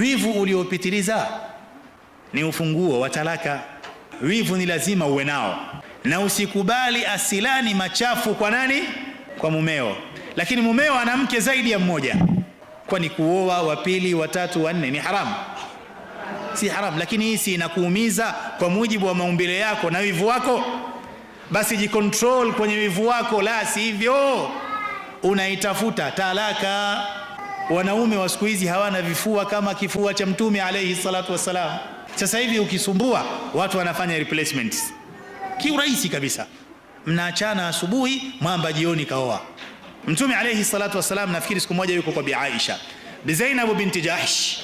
Wivu uliopitiliza ni ufunguo wa talaka. Wivu ni lazima uwe nao, na usikubali asilani machafu kwa nani? Kwa mumeo. Lakini mumeo ana mke zaidi ya mmoja, kwani kuoa wa pili, watatu, wanne ni haramu? Si haramu, lakini hii si inakuumiza kwa mujibu wa maumbile yako na wivu wako? Basi jikontrol kwenye wivu wako, la sivyo unaitafuta talaka. Wanaume wa siku hizi hawana vifua kama kifua cha Mtume alayhi salatu wassalam. Sasa hivi ukisumbua watu wanafanya replacements kiurahisi kabisa, mnaachana asubuhi, mwamba jioni kaoa. Mtume alayhi salatu wassalam, nafikiri siku moja yuko kwa Bi Aisha, Bi Zainab binti Jahsh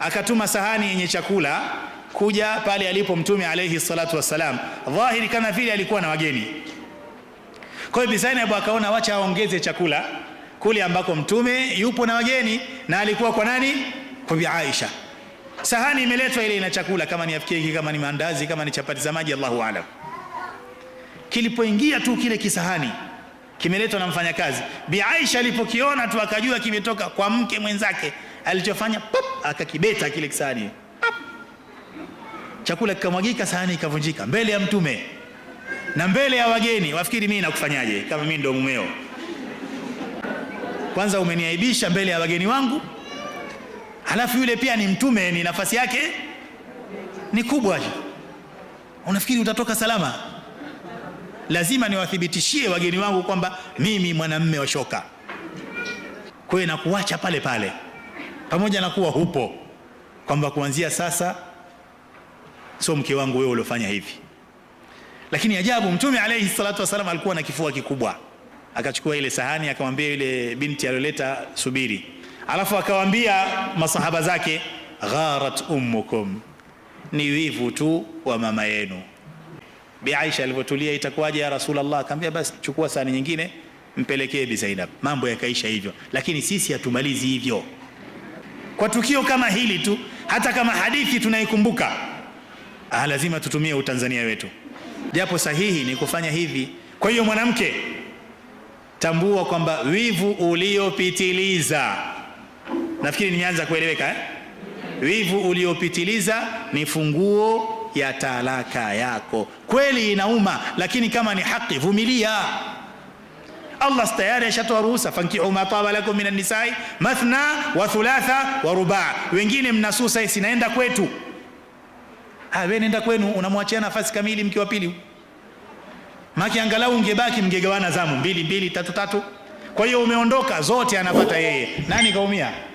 akatuma sahani yenye chakula kuja pale alipo Mtume alayhi salatu wassalam. Dhahiri kana vile alikuwa na wageni, kwa hiyo Bi Zainab akaona wacha aongeze chakula kule ambako mtume yupo na wageni na alikuwa kwa nani kwa bi Aisha sahani imeletwa ile ina chakula kama ni afkeki kama ni mandazi kama ni chapati za maji Allahu alam. kilipoingia tu kile kisahani kimeletwa na mfanyakazi bi Aisha alipokiona tu akajua kimetoka kwa mke mwenzake alichofanya pop akakibeta kile kisahani pop. chakula kikamwagika sahani ikavunjika mbele ya mtume na mbele ya wageni wafikiri mimi nakufanyaje kama mimi ndo mumeo kwanza umeniaibisha mbele ya wageni wangu, halafu yule pia ni mtume, ni nafasi yake ni kubwa. Unafikiri utatoka salama? Lazima niwathibitishie wageni wangu kwamba mimi mwanamme wa shoka. Kwa hiyo nakuacha pale pale, pamoja na kuwa hupo, kwamba kuanzia sasa sio mke wangu wewe uliofanya hivi. Lakini ajabu, Mtume alayhi salatu wassalam alikuwa na kifua kikubwa akachukua ile sahani akamwambia yule binti aliyoleta, subiri. Alafu akawaambia masahaba zake, gharat ummukum, ni wivu tu wa mama yenu. Bi Aisha alivyotulia, itakuwaje ya Rasulullah? Akamwambia basi chukua sahani nyingine mpelekee Bi Zainab. Mambo yakaisha hivyo, lakini sisi hatumalizi hivyo. Kwa tukio kama hili tu, hata kama hadithi tunaikumbuka, ah, lazima tutumie utanzania wetu, japo sahihi ni kufanya hivi. Kwa hiyo mwanamke tambua kwamba wivu uliopitiliza, nafikiri nimeanza kueleweka eh? Wivu uliopitiliza ni funguo ya talaka yako. Kweli inauma, lakini kama ni haki vumilia. Allah tayari ashatoa ruhusa, fankihu ma taba lakum minan nisai mathna wa thulatha wa ruba. Wengine mnasusa, eh, sinaenda kwetu, ah, we nenda kwenu, unamwachia nafasi kamili mke wa pili. Maki angalau ungebaki mgegawana zamu mbili mbili tatu tatu. Kwa hiyo umeondoka, zote anapata yeye. Nani kaumia?